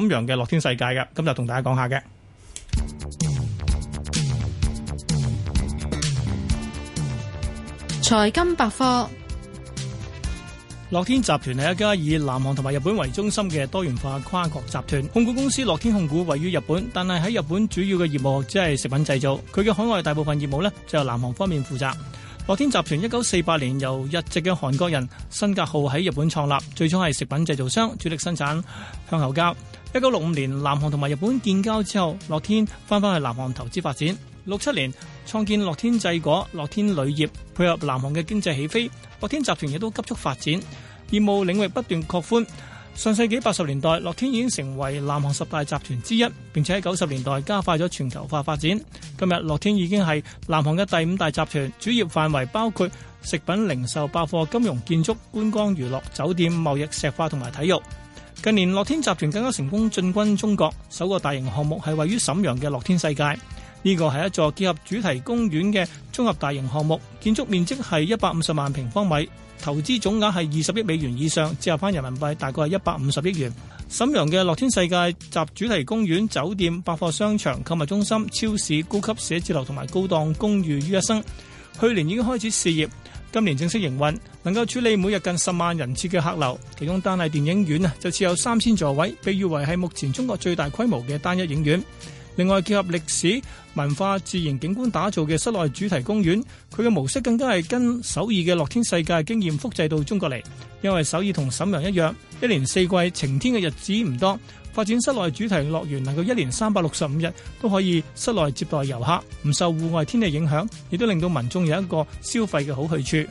瀋陽嘅樂天世界嘅，咁就同大家講下嘅，財金百貨。樂天集團係一家以南韓同埋日本為中心嘅多元化跨國集團。控股公司樂天控股位於日本，但係喺日本主要嘅業務即係食品製造。佢嘅海外大部分業務呢，就由南韓方面負責。樂天集團一九四八年由日籍嘅韓國人辛格浩喺日本創立，最初係食品製造商，主力生產香口膠。一九六五年，南韓同埋日本建交之後，樂天翻翻去南韓投資發展。六七年，創建樂天製果、樂天鋁業，配合南韓嘅經濟起飛，樂天集團亦都急速發展，業務領域不斷擴寬。上世紀八十年代，樂天已經成為南韓十大集團之一，並且喺九十年代加快咗全球化發展。今日樂天已經係南韓嘅第五大集團，主業範圍包括食品、零售、百貨、金融、建築、觀光、娛樂、酒店、貿易、石化同埋體育。近年樂天集團更加成功進軍中國，首個大型項目係位於沈陽嘅樂天世界。呢個係一座結合主題公園嘅綜合大型項目，建築面積係一百五十萬平方米，投資總額係二十億美元以上，折合翻人民幣大概係一百五十億元。瀋陽嘅樂天世界集主題公園、酒店、百貨商場、購物中心、超市、高級寫字樓同埋高檔公寓於一身。去年已經開始試業，今年正式營運，能夠處理每日近十萬人次嘅客流。其中單係電影院啊就設有三千座位，被譽為係目前中國最大規模嘅單一影院。另外，結合歷史文化自然景觀打造嘅室內主題公園，佢嘅模式更加係跟首爾嘅樂天世界經驗複製到中國嚟。因為首爾同瀋陽一樣，一年四季晴天嘅日子唔多，發展室內主題樂園能夠一年三百六十五日都可以室內接待遊客，唔受戶外天氣影響，亦都令到民眾有一個消費嘅好去處。